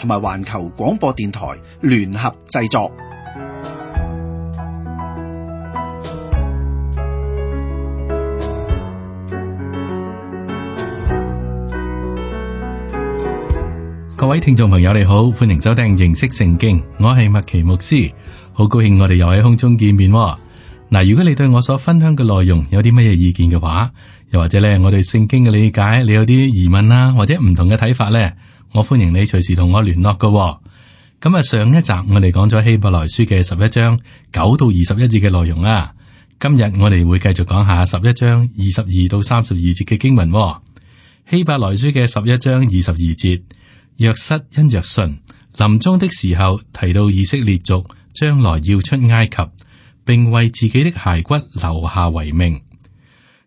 同埋環球廣播電台聯合製作。各位聽眾朋友，你好，歡迎收聽認識聖經。我係麥奇牧師，好高興我哋又喺空中見面。嗱、啊，如果你對我所分享嘅內容有啲乜嘢意見嘅話，又或者咧，我對聖經嘅理解，你有啲疑問啊，或者唔同嘅睇法咧。我歡迎你隨時同我聯絡嘅、哦，咁啊，上一集我哋講咗希伯來書嘅十一章九到二十一節嘅內容啦、啊，今日我哋會繼續講下十一章二十二到三十二節嘅經文、哦。希伯來書嘅十一章二十二節，約瑟因著信，臨終的時候提到以色列族將來要出埃及，並為自己的骸骨留下遺命。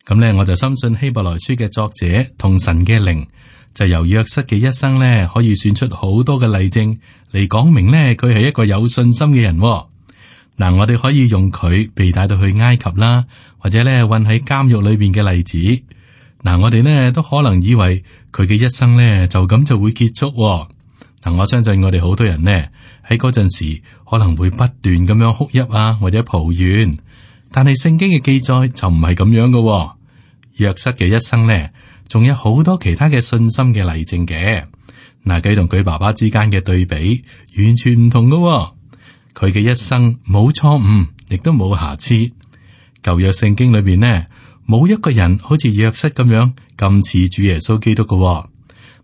咁呢，我就深信希伯來書嘅作者同神嘅靈。就由約瑟嘅一生咧，可以選出好多嘅例證嚟講明咧，佢係一個有信心嘅人喎。嗱，我哋可以用佢被帶到去埃及啦，或者咧困喺監獄裏邊嘅例子。嗱，我哋咧都可能以為佢嘅一生咧就咁就會結束喎。嗱，我相信我哋好多人呢，喺嗰陣時可能會不斷咁樣哭泣啊，或者抱怨。但係聖經嘅記載就唔係咁樣嘅喎。約瑟嘅一生咧。仲有好多其他嘅信心嘅例證嘅，嗱，佢同佢爸爸之間嘅對比完全唔同噶、哦，佢嘅一生冇錯誤，亦都冇瑕疵。舊約聖經裏邊呢，冇一個人好似約瑟咁樣咁似主耶穌基督嘅、哦。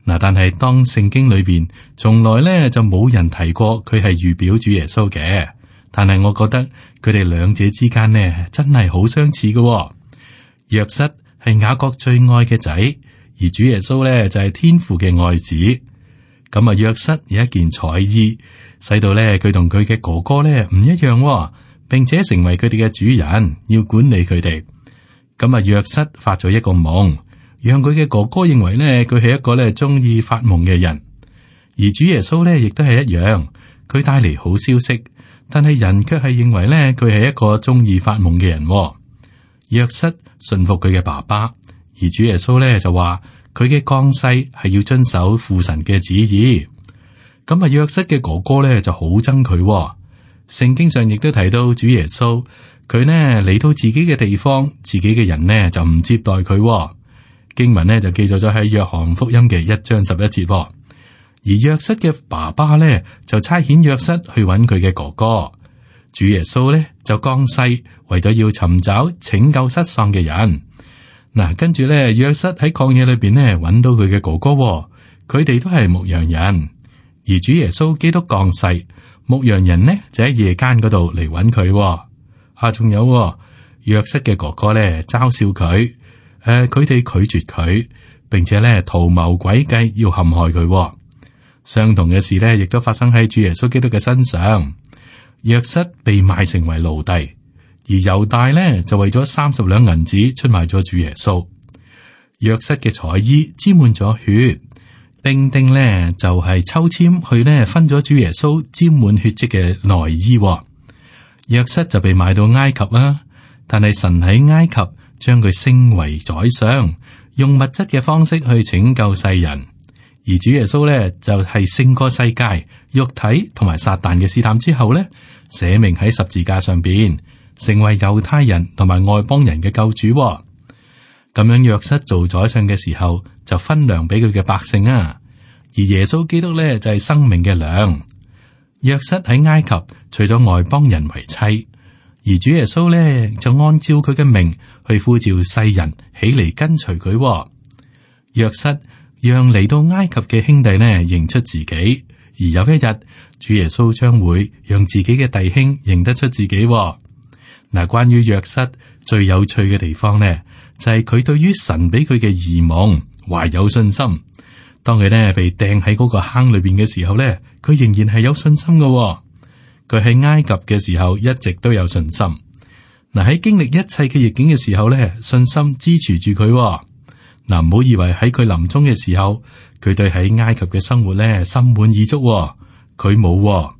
嗱，但係當聖經裏邊從來呢就冇人提過佢係預表主耶穌嘅，但係我覺得佢哋兩者之間呢真係好相似嘅、哦。約瑟。係雅各最愛，嘅仔，而主耶穌咧就係、是、天父嘅愛子。咁啊，約瑟有一件彩衣，使到咧佢同佢嘅哥哥咧唔一樣、哦，並且成為佢哋嘅主人，要管理佢哋。咁啊，約瑟發咗一個夢，讓佢嘅哥哥認為呢，佢係一個咧中意發夢嘅人，而主耶穌咧亦都係一樣，佢帶嚟好消息，但係人卻係認為呢，佢係一個中意發夢嘅人、哦。約瑟。信服佢嘅爸爸，而主耶穌咧就話佢嘅降世係要遵守父神嘅旨意。咁啊，約瑟嘅哥哥咧就好憎佢。聖經上亦都提到主耶穌佢呢，嚟到自己嘅地方，自己嘅人呢，就唔接待佢、哦。經文呢，就記載咗喺約翰福音嘅一章十一節、哦。而約瑟嘅爸爸咧就差遣約瑟去揾佢嘅哥哥。主耶穌咧就降世，為咗要尋找拯救失喪嘅人。嗱、啊，跟住咧約瑟喺曠野裏邊咧揾到佢嘅哥哥、哦，佢哋都係牧羊人，而主耶穌基督降世，牧羊人呢就喺夜間嗰度嚟揾佢。啊，仲有、哦、約瑟嘅哥哥咧嘲笑佢，誒、呃，佢哋拒絕佢，並且咧圖謀詭計要陷害佢、哦。相同嘅事呢，亦都發生喺主耶穌基督嘅身上。約瑟被賣成為奴隸，而猶大呢，就為咗三十兩銀子出賣咗主耶穌。約瑟嘅彩衣沾滿咗血，丁丁呢，就係抽籤去咧分咗主耶穌沾滿血跡嘅內衣。約瑟就被賣到埃及啦，但係神喺埃及將佢升為宰相，用物質嘅方式去拯救世人。而主耶穌咧就係、是、勝過世界肉體同埋撒旦嘅試探之後咧，捨命喺十字架上邊，成為猶太人同埋外邦人嘅救主、哦。咁樣約瑟做宰相嘅時候就分糧俾佢嘅百姓啊，而耶穌基督咧就係、是、生命嘅糧。約瑟喺埃及除咗外邦人為妻，而主耶穌咧就按照佢嘅命去呼召世人起嚟跟隨佢、哦。約瑟。讓嚟到埃及嘅兄弟呢認出自己，而有一日主耶穌將會讓自己嘅弟兄認得出自己、哦。嗱、啊，關於約瑟最有趣嘅地方呢，就係、是、佢對於神俾佢嘅異夢懷有信心。當佢呢被掟喺嗰個坑裏邊嘅時候呢，佢仍然係有信心嘅、哦。佢喺埃及嘅時候一直都有信心。嗱、啊、喺經歷一切嘅逆境嘅時候呢，信心支持住佢、哦。嗱，唔好以為喺佢臨終嘅時候，佢對喺埃及嘅生活咧，心滿意足、哦。佢冇、哦、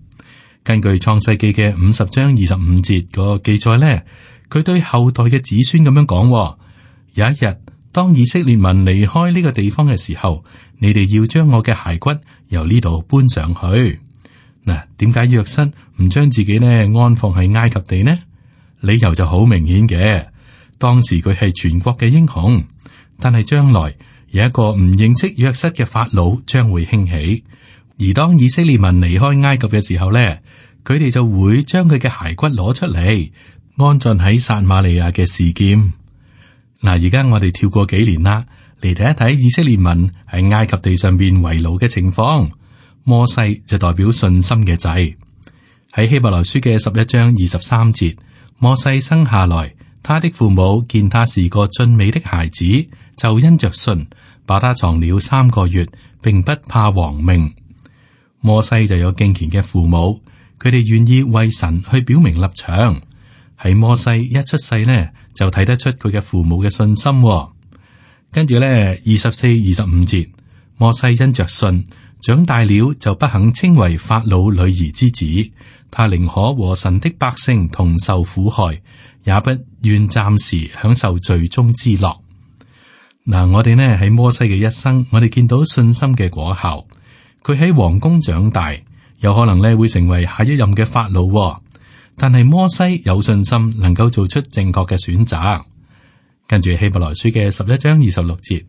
根據《創世紀》嘅五十章二十五節嗰個記載咧，佢對後代嘅子孫咁樣講、哦：有一日當以色列民離開呢個地方嘅時候，你哋要將我嘅骸骨由呢度搬上去嗱。點解約瑟唔將自己呢安放喺埃及地呢？理由就好明顯嘅，當時佢係全國嘅英雄。但係將來有一個唔認識約瑟嘅法老將會興起，而當以色列民離開埃及嘅時候呢，佢哋就會將佢嘅骸骨攞出嚟，安葬喺撒馬利亞嘅事件。嗱、啊，而家我哋跳過幾年啦，嚟睇一睇以色列民喺埃及地上面為奴嘅情況。摩西就代表信心嘅仔。喺希伯來書嘅十一章二十三節，摩西生下來，他的父母見他是個俊美的孩子。就因着信，把他藏了三個月，並不怕王命。摩西就有敬虔嘅父母，佢哋願意為神去表明立場。喺摩西一出世呢，就睇得出佢嘅父母嘅信心、哦。跟住咧，二十四、二十五節，摩西因着信長大了，就不肯稱為法老女兒之子。他寧可和神的百姓同受苦害，也不願暫時享受罪中之樂。嗱，我哋呢喺摩西嘅一生，我哋見到信心嘅果效。佢喺皇宮長大，有可能呢會成為下一任嘅法老、哦。但係摩西有信心，能夠做出正確嘅選擇。跟住希伯來書嘅十一章二十六節，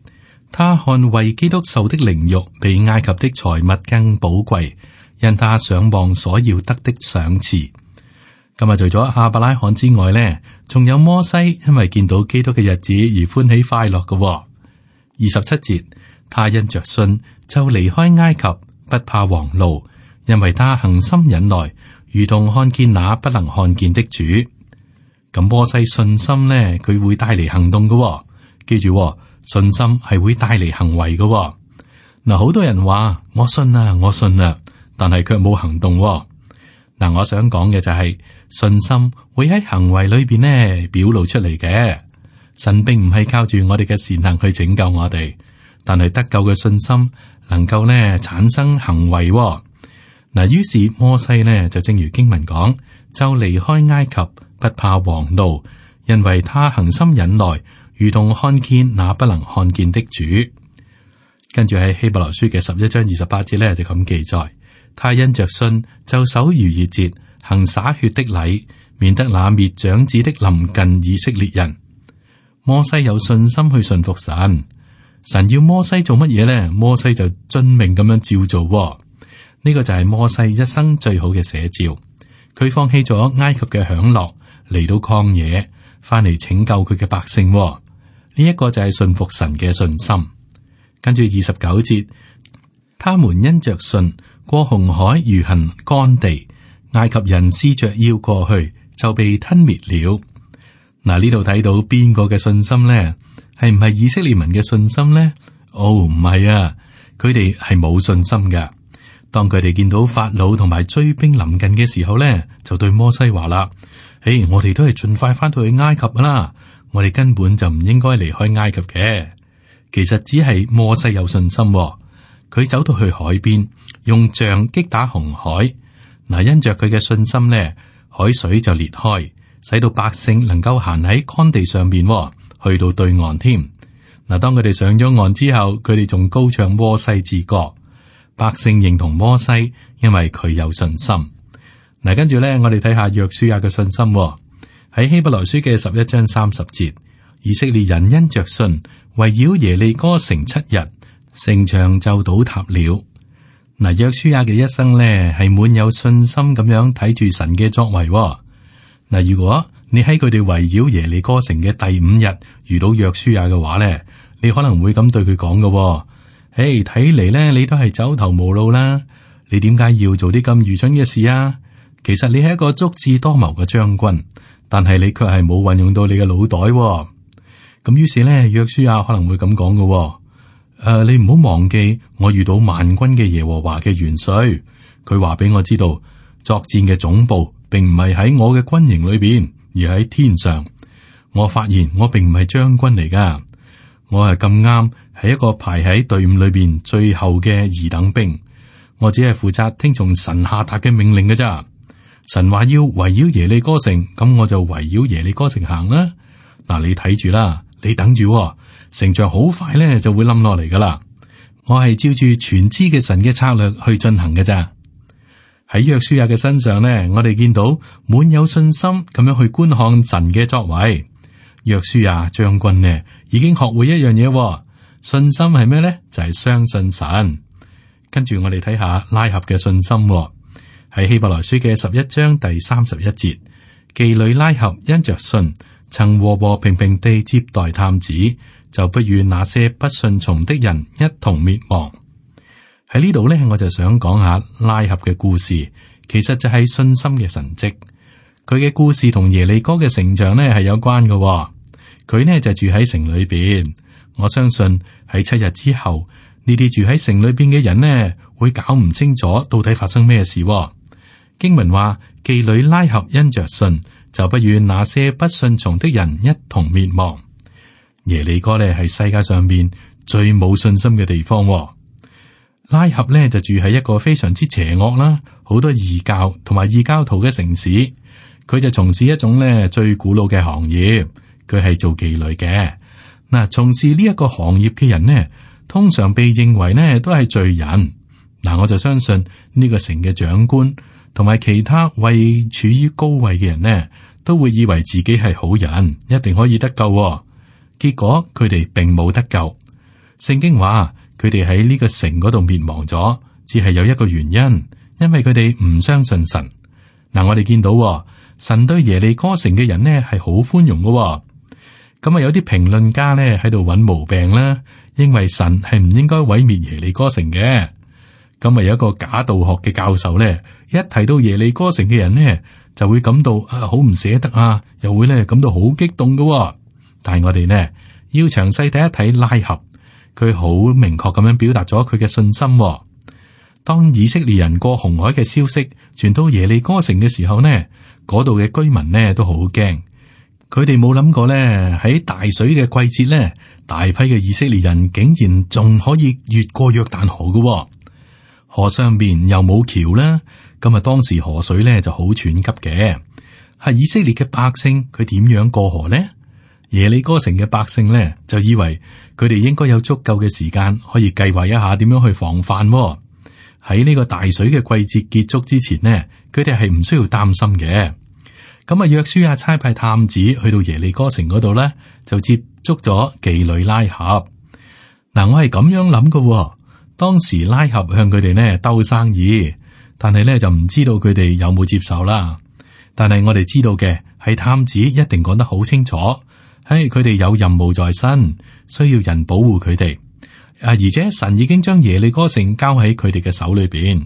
他看為基督受的凌辱，比埃及的財物更寶貴，因他想望所要得的賞賜。今日除咗亞伯拉罕之外呢，呢仲有摩西，因為見到基督嘅日子而歡喜快樂嘅、哦。二十七節，他因着信就離開埃及，不怕王怒，因為他恒心忍耐，如同看見那不能看見的主。咁摩西信心呢，佢會帶嚟行動嘅、哦，記住、哦、信心係會帶嚟行為嘅、哦。嗱、嗯，好多人話我信啦，我信啦，但係卻冇行動、哦。嗱、嗯，我想講嘅就係、是、信心會喺行為裏邊呢表露出嚟嘅。神並唔係靠住我哋嘅善行去拯救我哋，但係得救嘅信心能夠咧產生行為、哦。嗱，於是摩西呢，就正如經文講，就離開埃及，不怕王怒，因為他恒心忍耐，如同看見那不能看見的主。跟住喺希伯來書嘅十一章二十八節呢，就咁記載，他因着信就守逾越節，行灑血的禮，免得那滅長子的臨近以色列人。摩西有信心去順服神，神要摩西做乜嘢咧？摩西就遵命咁樣照做、哦。呢、這個就係摩西一生最好嘅寫照。佢放棄咗埃及嘅享樂，嚟到曠野，翻嚟拯救佢嘅百姓、哦。呢、這、一個就係信服神嘅信心。跟住二十九節，他們因着信過紅海，如行乾地，埃及人試着要過去，就被吞滅了。嗱，呢度睇到邊個嘅信心咧？係唔係以色列民嘅信心咧？哦，唔係啊，佢哋係冇信心嘅。當佢哋見到法老同埋追兵臨近嘅時候咧，就對摩西話啦，嘿，hey，我哋都係盡快返到去埃及啦。我哋根本就唔應該離開埃及嘅。其實只係摩西有信心哦，佢走到去海邊，用杖擊打紅海。嗱，因着佢嘅信心咧，海水就裂開。使到百姓能夠行喺乾地上面，去到對岸添。嗱，當佢哋上咗岸之後，佢哋仲高唱摩西之歌，百姓認同摩西，因為佢有信心。嗱，跟住咧，我哋睇下約書亞嘅信心喎。喺希伯來書嘅十一章三十節，以色列人因着信，圍繞耶利哥城七日，城牆就倒塌了。嗱，約書亞嘅一生咧，係滿有信心咁樣睇住神嘅作為。嗱，如果你喺佢哋圍繞耶利哥城嘅第五日遇到約書亞嘅話咧，你可能會咁對佢講嘅，誒，睇嚟咧，你都係走投無路啦，你點解要做啲咁愚蠢嘅事啊？其實你係一個足智多謀嘅將軍，但係你卻係冇運用到你嘅腦袋，哦。咁於是咧，約書亞可能會咁講嘅，誒、呃，你唔好忘記，我遇到萬軍嘅耶和華嘅元帥，佢話俾我知道作戰嘅總部。並唔係喺我嘅軍營裏邊，而喺天上。我發現我並唔係將軍嚟噶，我係咁啱係一個排喺隊伍裏邊最後嘅二等兵。我只係負責聽從神下達嘅命令嘅咋。神話要圍繞耶利哥城，咁我就圍繞耶利哥城行啦。嗱、啊，你睇住啦，你等住，城牆好快咧就會冧落嚟噶啦。我係照住全知嘅神嘅策略去進行嘅咋。喺約書亞嘅身上呢，我哋見到滿有信心咁樣去觀看神嘅作為。約書亞將軍呢已經學會一樣嘢，信心係咩呢？就係、是、相信神。跟住我哋睇下拉合嘅信心，喺希伯來書嘅十一章第三十一節，妓女拉合因着信，曾和和平平地接待探子，就不與那些不順從的人一同滅亡。喺呢度咧，我就想講下拉合嘅故事，其實就係信心嘅神蹟。佢嘅故事同耶利哥嘅城牆咧，係有關嘅，哦。佢呢就住喺城裏邊。我相信喺七日之後，你哋住喺城裏邊嘅人呢，會搞唔清楚到底發生咩事，哦。經文話，妓女拉合因着信，就不與那些不順從的人一同滅亡。耶利哥咧係世界上面最冇信心嘅地方，哦。拉合咧就住喺一個非常之邪惡啦，好多異教同埋異教徒嘅城市。佢就從事一種咧最古老嘅行業，佢係做妓女嘅。嗱、啊，從事呢一個行業嘅人呢，通常被認為呢都係罪人。嗱、啊，我就相信呢個城嘅長官同埋其他位處於高位嘅人呢，都會以為自己係好人，一定可以得救、哦。結果佢哋並冇得救。聖經話。佢哋喺呢個城嗰度滅亡咗，只係有一個原因，因為佢哋唔相信神。嗱、啊，我哋見到神對耶利哥城嘅人呢係好寬容噶、哦。咁、嗯、啊，有啲評論家呢喺度揾毛病啦，認為神係唔應該毀滅耶利哥城嘅。咁、嗯、啊、嗯，有一個假道學嘅教授呢，一提到耶利哥城嘅人呢，就會感到啊好唔捨得啊，又會呢感到好激動噶、哦。但係我哋呢要詳細睇一睇拉合。佢好明確咁樣表達咗佢嘅信心，哦。當以色列人過紅海嘅消息傳到耶利哥城嘅時候呢，嗰度嘅居民呢都好驚。佢哋冇諗過呢，喺大水嘅季節呢，大批嘅以色列人竟然仲可以越過約旦河嘅，哦。河上邊又冇橋啦，咁啊當時河水呢就好湍急嘅。係以色列嘅百姓，佢點樣過河呢？耶利哥城嘅百姓咧，就以為佢哋應該有足夠嘅時間，可以計劃一下點樣去防範、哦。喺呢個大水嘅季節結束之前呢，佢哋係唔需要擔心嘅。咁啊，約書亞差派探子去到耶利哥城嗰度咧，就接觸咗妓女拉合。嗱、啊，我係咁樣諗嘅、哦。當時拉合向佢哋咧兜生意，但係咧就唔知道佢哋有冇接受啦。但係我哋知道嘅係探子一定講得好清楚。係佢哋有任務在身，需要人保護佢哋。啊，而且神已經將耶利哥城交喺佢哋嘅手裏邊嗱，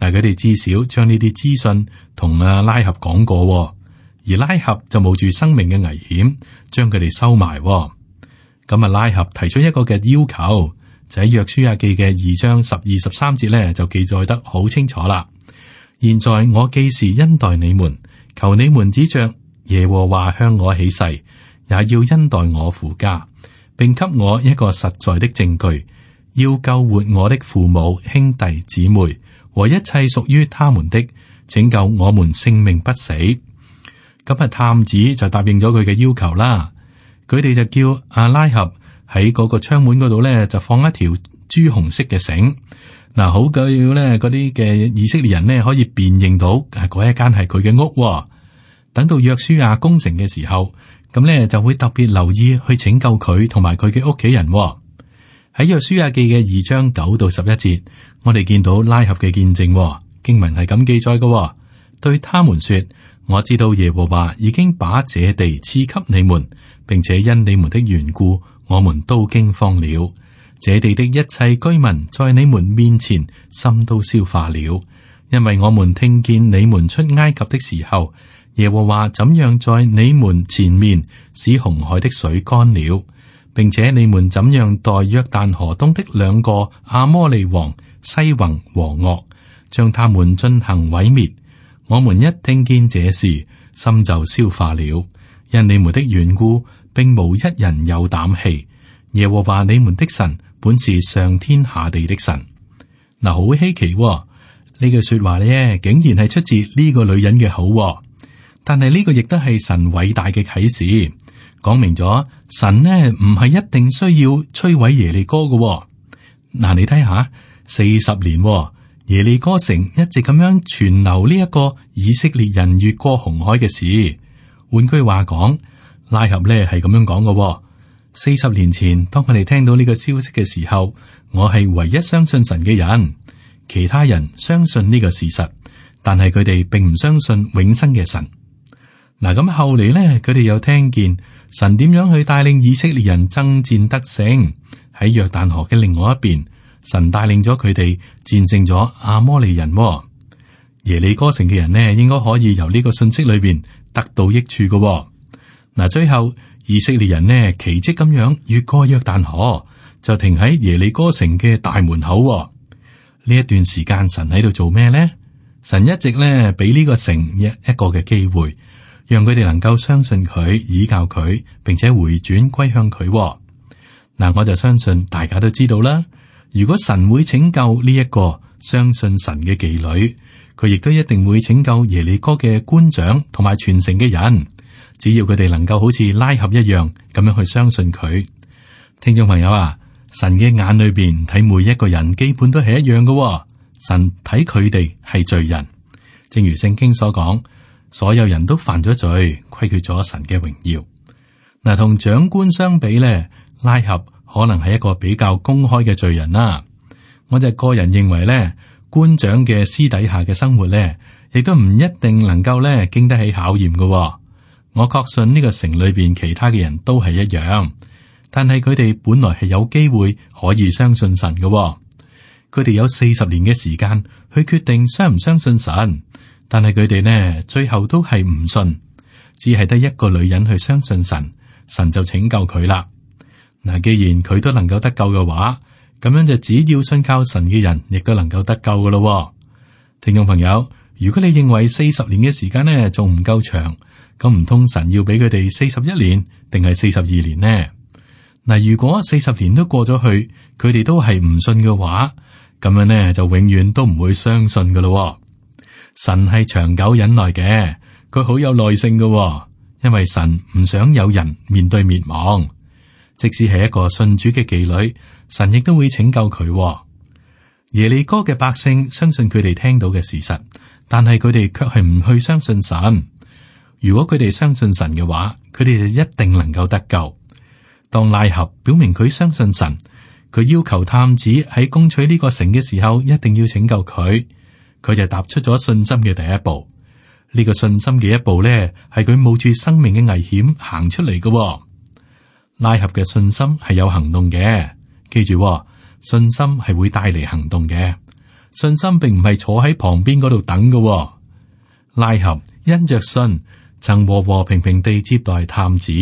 但佢哋至少將呢啲資訊同阿拉合講過，而拉合就冒住生命嘅危險將佢哋收埋。咁啊，拉合提出一個嘅要求，就喺《約書亞記》嘅二章十二十三節咧，就記載得好清楚啦。現在我既是恩待你們，求你們指着耶和華向我起誓。也要恩待我父家，並給我一個實在的證據，要救活我的父母、兄弟、姊妹和一切屬於他們的，拯救我們性命不死。咁啊，探子就答應咗佢嘅要求啦。佢哋就叫阿拉合喺嗰個窗門嗰度咧，就放一條朱紅色嘅繩嗱，好鬼要咧，嗰啲嘅以色列人咧，可以辨認到，誒，嗰一間係佢嘅屋。等到約書亞攻城嘅時候。咁呢就會特別留意去拯救佢同埋佢嘅屋企人喎、哦。喺約書亞記嘅二章九到十一節，我哋見到拉合嘅見證、喎、經文係咁記載嘅、喎。對他們說：我知道耶和華已經把這地賜給你們，並且因你們的緣故，我們都驚慌了。這地的一切居民在你們面前心都消化了，因為我們聽見你們出埃及的時候。耶和華怎樣在你們前面使紅海的水乾了，並且你們怎樣待約旦河東的兩個阿摩利王西宏和惡，將他們進行毀滅？我們一聽見這事，心就消化了。因你們的緣故，並無一人有膽氣。耶和華你們的神本是上天下地的神。嗱、嗯，好稀奇、哦，句呢句說話咧，竟然係出自呢個女人嘅口、哦。但係呢個亦都係神偉大嘅啟示，講明咗神呢唔係一定需要摧毀耶利哥嘅、哦。嗱、啊，你睇下四十年、哦、耶利哥城一直咁樣傳流呢一個以色列人越過紅海嘅事。換句話講，拉合呢係咁樣講嘅、哦。四十年前，當佢哋聽到呢個消息嘅時候，我係唯一相信神嘅人，其他人相信呢個事實，但係佢哋並唔相信永生嘅神。嗱，咁後嚟咧，佢哋又聽見神點樣去帶領以色列人爭戰得勝喺約旦河嘅另外一邊，神帶領咗佢哋戰勝咗阿摩利人、哦。耶利哥城嘅人呢，應該可以由呢個信息裏邊得到益處嘅。嗱，最後以色列人呢，奇跡咁樣越過約旦河，就停喺耶利哥城嘅大門口、哦。呢一段時間，神喺度做咩呢？神一直咧俾呢個城一一個嘅機會。讓佢哋能夠相信佢，倚靠佢，並且回轉歸向佢、哦。嗱，我就相信大家都知道啦。如果神會拯救呢一個相信神嘅妓女，佢亦都一定會拯救耶利哥嘅官長同埋全城嘅人。只要佢哋能夠好似拉合一樣咁樣去相信佢。聽眾朋友啊，神嘅眼裏邊睇每一個人基本都係一樣㗎喎。神睇佢哋係罪人，正如聖經所講。所有人都犯咗罪，虧缺咗神嘅榮耀。嗱、啊，同長官相比呢，拉合可能係一個比較公開嘅罪人啦。我就個人認為呢，官長嘅私底下嘅生活呢，亦都唔一定能夠呢經得起考驗嘅、哦。我確信呢個城裏邊其他嘅人都係一樣，但係佢哋本來係有機會可以相信神嘅、哦。佢哋有四十年嘅時間去決定相唔相信神。但係佢哋呢，最後都係唔信，只係得一個女人去相信神，神就拯救佢啦。嗱，既然佢都能夠得救嘅話，咁樣就只要信靠神嘅人，亦都能夠得救噶咯。聽眾朋友，如果你認為四十年嘅時間呢仲唔夠長，咁唔通神要俾佢哋四十一年，定係四十二年呢？嗱，如果四十年都過咗去，佢哋都係唔信嘅話，咁樣呢就永遠都唔會相信噶咯。神係長久忍耐嘅，佢好有耐性噶、哦，因為神唔想有人面對滅亡。即使係一個信主嘅妓女，神亦都會拯救佢、哦。耶利哥嘅百姓相信佢哋聽到嘅事實，但係佢哋卻係唔去相信神。如果佢哋相信神嘅話，佢哋就一定能夠得救。當拉合表明佢相信神，佢要求探子喺攻取呢個城嘅時候，一定要拯救佢。佢就踏出咗信心嘅第一步，呢、這個信心嘅一步咧，係佢冒住生命嘅危險行出嚟嘅、哦。拉合嘅信心係有行動嘅，記住、哦、信心係會帶嚟行動嘅。信心並唔係坐喺旁邊嗰度等嘅、哦。拉合因着信，曾和和平平地接待探子，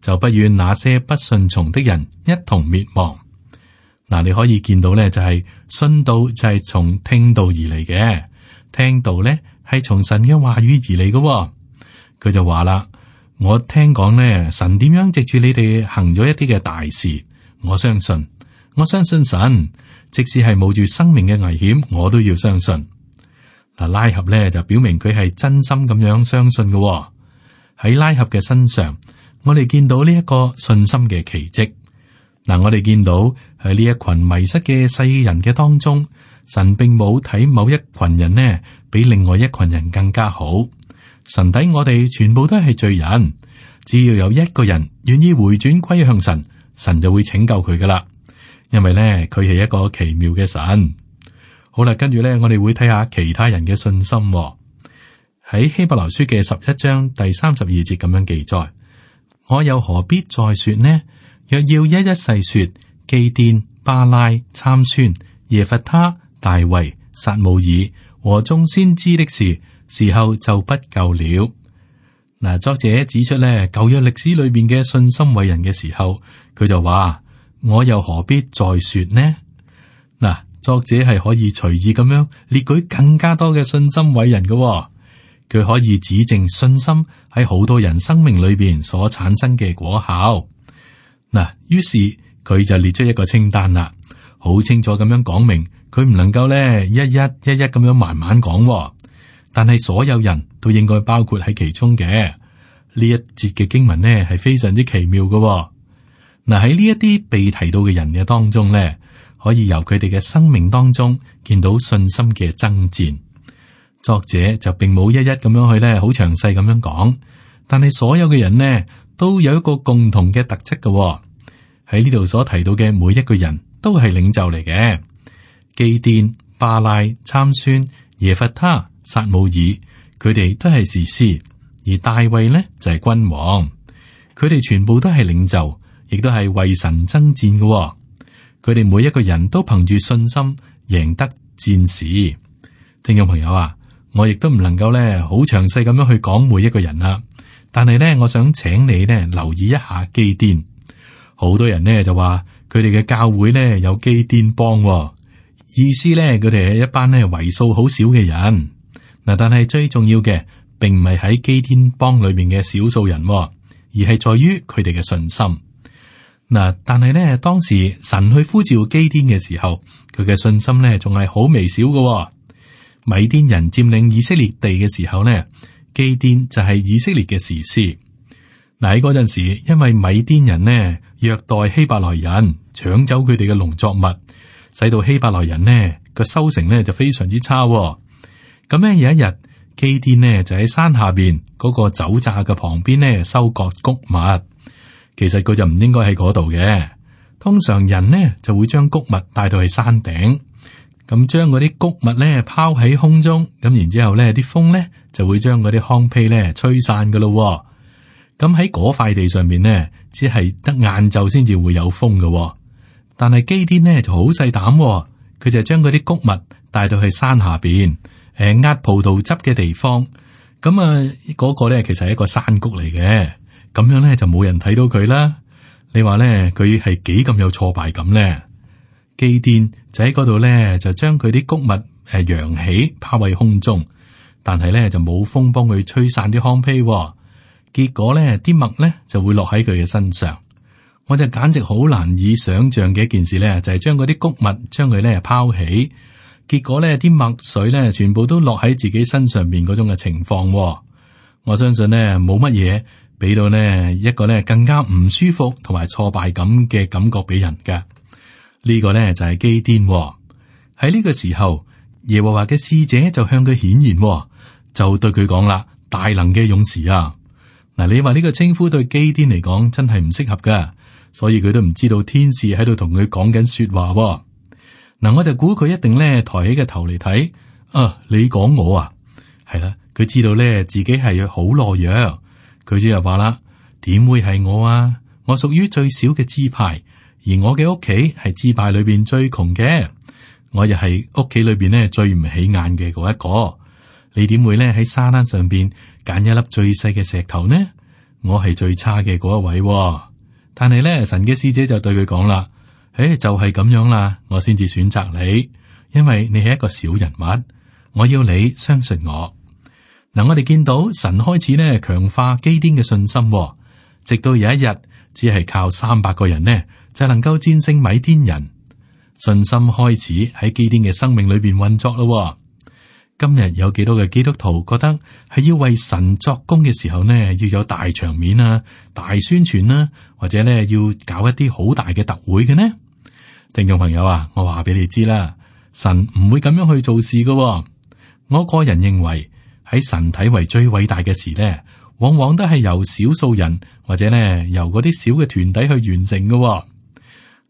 就不願那些不順從的人一同滅亡。嗱，你可以見到咧，就是，就係信道就係從聽道而嚟嘅，聽道咧係從神嘅話語而嚟嘅，哦。佢就話啦，我聽講咧，神點樣藉住你哋行咗一啲嘅大事，我相信，我相信神，即使係冒住生命嘅危險，我都要相信。嗱，拉合咧就表明佢係真心咁樣相信嘅，哦。喺拉合嘅身上，我哋見到呢一個信心嘅奇蹟。嗱，我哋見到。喺呢一群迷失嘅世人嘅當中，神並冇睇某一群人呢，比另外一群人更加好。神睇我哋全部都係罪人，只要有一個人願意回轉歸向神，神就會拯救佢噶啦。因為呢，佢係一個奇妙嘅神。好啦，跟住呢，我哋會睇下其他人嘅信心哦。喺希伯來書嘅十一章第三十二節咁樣記載，我又何必再說呢？若要一一細說。祭奠、巴拉、參孫、耶弗他、大衛、薩姆爾和眾先知的事時，時候就不夠了。嗱，作者指出咧，舊約歷史裏邊嘅信心偉人嘅時候，佢就話：我又何必再說呢？嗱，作者係可以隨意咁樣列舉更加多嘅信心偉人嘅，哦，佢可以指證信心喺好多人生命裏邊所產生嘅果效。嗱，於是。佢就列出一個清單啦，好清楚咁樣講明，佢唔能夠咧一一一一咁樣慢慢講、哦，但係所有人都應該包括喺其中嘅。呢一節嘅經文呢係非常之奇妙嘅、哦。嗱，喺呢一啲被提到嘅人嘅當中咧，可以由佢哋嘅生命當中見到信心嘅增漸。作者就並冇一一咁樣去咧好詳細咁樣講，但係所有嘅人呢，都有一個共同嘅特質嘅、哦。喺呢度所提到嘅每一個人，都係領袖嚟嘅。基甸、巴拉、參孫、耶弗他、撒母耳，佢哋都係士師，而大衛呢就係、是、君王，佢哋全部都係領袖，亦都係為神爭戰嘅、哦。佢哋每一個人都憑住信心贏得戰士。聽眾朋友啊，我亦都唔能夠咧好詳細咁樣去講每一個人啦，但係咧，我想請你咧留意一下基甸。好多人呢，就話佢哋嘅教會呢，有基甸幫、哦，意思呢，佢哋係一班呢為數好少嘅人。嗱，但係最重要嘅，並唔係喺基甸幫裏面嘅少數人、哦，而係在於佢哋嘅信心。嗱，但係呢，當時神去呼召基甸嘅時候，佢嘅信心呢，仲係好微小嘅、哦。米甸人佔領以色列地嘅時候呢，基甸就係以色列嘅士師。嗱喺嗰陣時，因為米甸人呢。虐待希伯來人，搶走佢哋嘅農作物，使到希伯來人呢個收成呢就非常之差、哦。咁、嗯、呢有一日，基甸呢就喺山下邊嗰、那個酒榨嘅旁邊呢收割穀物。其實佢就唔應該喺嗰度嘅。通常人呢就會將穀物帶到去山頂，咁將嗰啲穀物咧拋喺空中，咁然之後咧啲風咧就會將嗰啲糠皮咧吹散噶咯、哦。咁喺嗰塊地上面呢。只係得晏晝先至會有風嘅、哦，但係基甸呢就好細膽，佢就將嗰啲穀物帶到去山下邊，誒、呃，壓葡萄汁嘅地方咁啊。嗰、那個咧其實係一個山谷嚟嘅，咁樣咧就冇人睇到佢啦。你話咧佢係幾咁有挫敗感咧？基甸就喺嗰度咧，就將佢啲穀物誒、揚、呃、起拋喺空中，但係咧就冇風幫佢吹散啲糠皮。結果咧，啲墨咧就會落喺佢嘅身上。我就簡直好難以想象嘅一件事咧，就係將嗰啲谷物將佢咧拋起，結果咧啲墨水咧全部都落喺自己身上面嗰種嘅情況。我相信咧冇乜嘢俾到呢一個咧更加唔舒服同埋挫敗感嘅感覺俾人嘅呢、這個咧就係基甸。喺呢個時候，耶和華嘅使者就向佢顯現，就對佢講啦：大能嘅勇士啊！嗱，你話呢個稱呼對基甸嚟講真係唔適合噶，所以佢都唔知道天使喺度同佢講緊說話。嗱，我就估佢一定咧抬起個頭嚟睇。啊，你講我啊？係啦，佢知道咧自己係好懦弱。佢就又話啦，點會係我啊？我屬於最小嘅支派，而我嘅屋企係支派裏邊最窮嘅，我又係屋企裏邊咧最唔起眼嘅嗰一個。你點會咧喺沙灘上邊？揀一粒最細嘅石頭呢？我係最差嘅嗰一位、哦，但係咧神嘅使者就對佢講啦，誒、哎，就係、是、咁樣啦，我先至選擇你，因為你係一個小人物，我要你相信我。嗱，我哋見到神開始呢強化基甸嘅信心、哦，直到有一日，只係靠三百個人呢就能夠戰勝米甸人，信心開始喺基甸嘅生命裏邊運作咯、哦。今日有幾多嘅基督徒覺得係要為神作工嘅時候呢？要有大場面啊，大宣傳啦、啊，或者呢要搞一啲好大嘅特會嘅呢？聽眾朋友啊，我話俾你知啦，神唔會咁樣去做事噶、哦。我個人認為喺神體為最偉大嘅事呢，往往都係由少數人或者呢由嗰啲小嘅團體去完成噶、哦。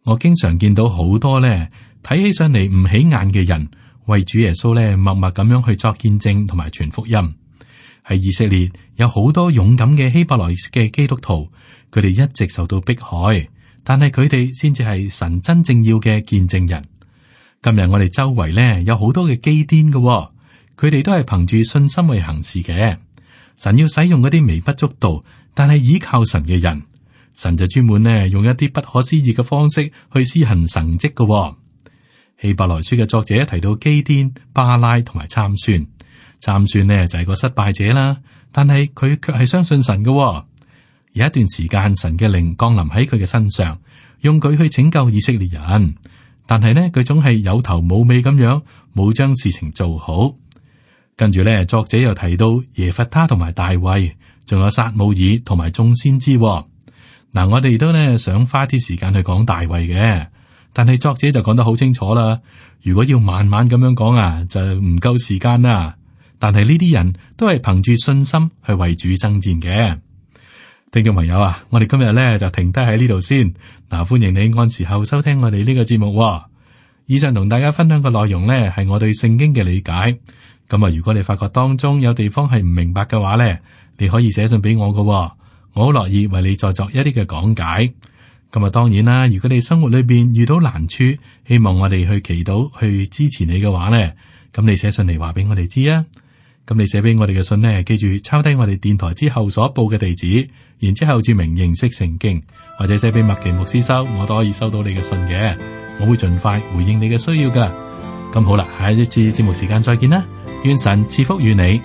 我經常見到好多呢睇起上嚟，唔起眼嘅人。為主耶穌咧默默咁樣去作見證同埋傳福音，喺以色列有好多勇敢嘅希伯來嘅基督徒，佢哋一直受到迫害，但係佢哋先至係神真正要嘅見證人。今日我哋周圍咧有好多嘅基顛嘅，佢哋都係憑住信心去行事嘅。神要使用嗰啲微不足道但係依靠神嘅人，神就專門咧用一啲不可思議嘅方式去施行神跡嘅。希伯來書嘅作者提到基甸、巴拉同埋參孫，參孫呢就係個失敗者啦，但係佢卻係相信神嘅。有一段時間，神嘅靈降臨喺佢嘅身上，用佢去拯救以色列人，但係呢，佢總係有頭冇尾咁樣，冇將事情做好。跟住咧，作者又提到耶弗他同埋大衛，仲有撒母耳同埋眾先知。嗱，我哋都咧想花啲時間去講大衛嘅。但係作者就講得好清楚啦，如果要慢慢咁樣講啊，就唔夠時間啦。但係呢啲人都係憑住信心去為主爭戰嘅。聽眾朋友啊，我哋今日咧就停低喺呢度先。嗱、啊，歡迎你按時候收聽我哋呢個節目、哦。以上同大家分享嘅內容呢，係我對聖經嘅理解。咁啊，如果你發覺當中有地方係唔明白嘅話呢，你可以寫信俾我噶、哦，我好樂意為你再作一啲嘅講解。咁啊，當然啦。如果你生活裏邊遇到難處，希望我哋去祈禱去支持你嘅話咧，咁你寫信嚟，話俾我哋知啊。咁你寫俾我哋嘅信咧，記住抄低我哋電台之後所報嘅地址，然之後注明認識聖經，或者寫俾麥奇牧師收，我都可以收到你嘅信嘅。我會盡快回應你嘅需要噶。咁好啦，下一次節目時間再見啦。願神賜福與你。